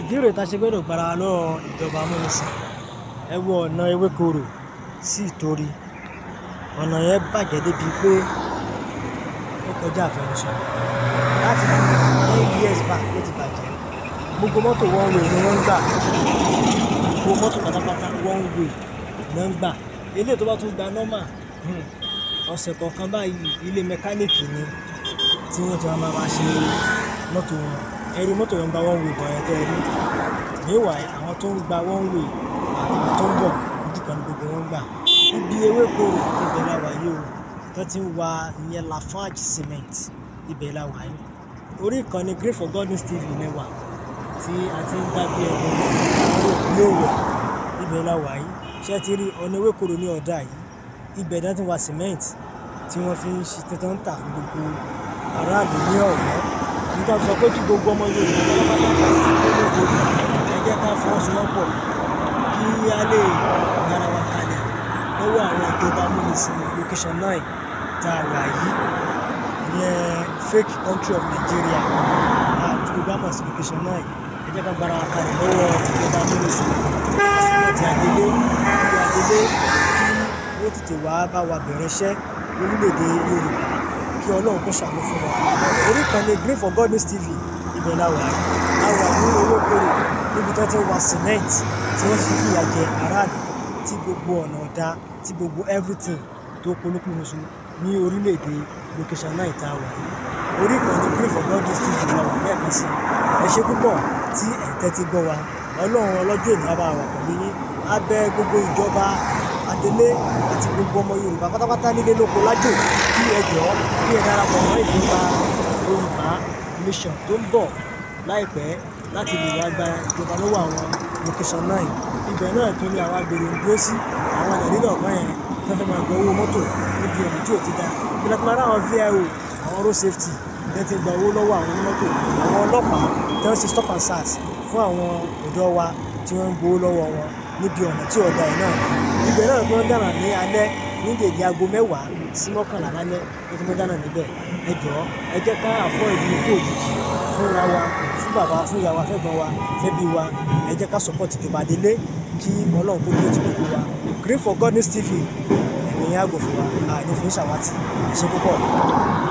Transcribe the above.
ìbéèrè tá a ṣe gbọ́dọ̀ gbára lọ́wọ́ ìjọba amúnisìn. Ẹ wo ọ̀nà ewékorò sí ìtorí. Ọ̀nà yẹn bàjẹ́ débi pé ó kọjá àfẹnusọ. Láti ten years back ló ti bàjẹ́. Gbogbo mọ́tò one way ni wọ́n ń gbà. Gbogbo mọ́tò pátápátá one way ló ń gbà. Eléyìí tó bá tún gba normal hmm, ọ̀sẹ̀ kọ̀ọ̀kan báyìí ilé mẹkáníìkì ni tí wọ́n ti máa máa ṣe mọ́tò wọn ẹrú mọ́tò yẹn ń gba one way bọ̀ ẹ̀ tẹ́ ẹ rí níwà àwọn tó ń gba one way àwọn tó ń bọ̀ ojú kan ní gbogbo wọn gbà ibi ewéko ibẹ̀ la wà yìí o tó ti ń wa ìyẹn Lafarge cement ibẹ̀ la wà yìí orí ìkànnì Grey for Godness TV lẹ́wà tí a ti ń dábí ẹ̀rọ yóò wọ̀ ibẹ̀ la wà yìí ṣé ti rí ọ̀nà ewékoro ní ọ̀dà yìí ibẹ̀ náà ti wà cement tí wọ́n fi ń ṣe tuntun ń tà fún gbogbo aráàlú ní ọ̀yọ́ nígbà tó sọ pé kí gbogbo ọmọ Yorùbá pátápátá tó lè borí ẹ jẹ́ ká fọwọ́sowọ́pọ̀ kí a lè yára wa kalẹ̀ lọ́wọ́ àwọn ìjọba amúnisìn location nine tá a wà yìí ìyẹn fake country of Nigeria àti Yorùbá amúnisìn location nine ẹ jẹ́ ká gbára wa kalẹ̀ lọ́wọ́ ìjọba amúnisìn àti àdélé àti àdélé kí ó tètè wá bá wa bẹ̀rẹ̀ iṣẹ́ orílẹ̀-èdè Yorùbá kí ọlọ́run kó ṣàánú fún wa orí kan ní green for godness tv ibẹ̀ la wà á wà ní olókòrè níbi tó ti wà cement tí wọ́n ti fìyà jẹ aráàlú tí gbogbo ọ̀nà ọ̀dá tí gbogbo everything tó polúkú musu ní orílẹ̀-èdè location náà ìta wà yìí orí kan ní green for godness tv la wà lẹ́ẹ̀kan sí ẹ ṣe púpọ̀ tí ẹ̀ tẹ́tí gbọ́ wa ọlọ́run ọlọ́jọ́ ènìyàn bá wà pẹ̀lú yín abẹ́ gbogbo ìjọba délé àti gbogbo ọmọ Yorùbá pátápátá nílé lóko lájò kí ẹ jọ kí ẹ darapọ̀ mọ́ ìjọba Yorùbá mission tó ń bọ̀ láìpẹ́ láti lè wá gba ìjọba lọ́wọ́ àwọn location náà ibẹ̀ náà tó ní àwọn agbèrè ń dúró sí àwọn àdàlí náà mọ́ yẹn tó fẹ́ máa gbọ́ owó mọ́tò níbi ọ̀nà tí ò ti da ìpínlẹ̀ tó àwọn VIO àwọn road safety ìdẹ́ ti gba owó lọ́wọ́ àwọn onímọ́tò àwọn ọlọ́pàá tí wọ́n stop and search fún àwọn ọ̀dọ́ wa tí wọ́n ń gbowó lọ́wọ́ wọn níbi ọ̀nà tí ọ̀dà ẹ̀ náà ibẹ̀ náà tó ń dáná ní alẹ́ ní dèdè aago mẹ́wàá sí mọ́kànlá lálẹ́ ní tí mo dáná níbẹ̀ ẹ jọ ẹ jẹ́ ká àfọ́ ìlú ikú òjijì fúnra wa fún bàbá fún ìyá wa fẹ́gbọ́n wa fẹ́bí wa ẹ jẹ́ ká support ìjọba délé kí ọlọ́run kó dúró ti gbogbo wa Green for Godness TV ẹ̀mí yàgò fún wa àìní fún ìṣàwátì ẹ púpọ̀.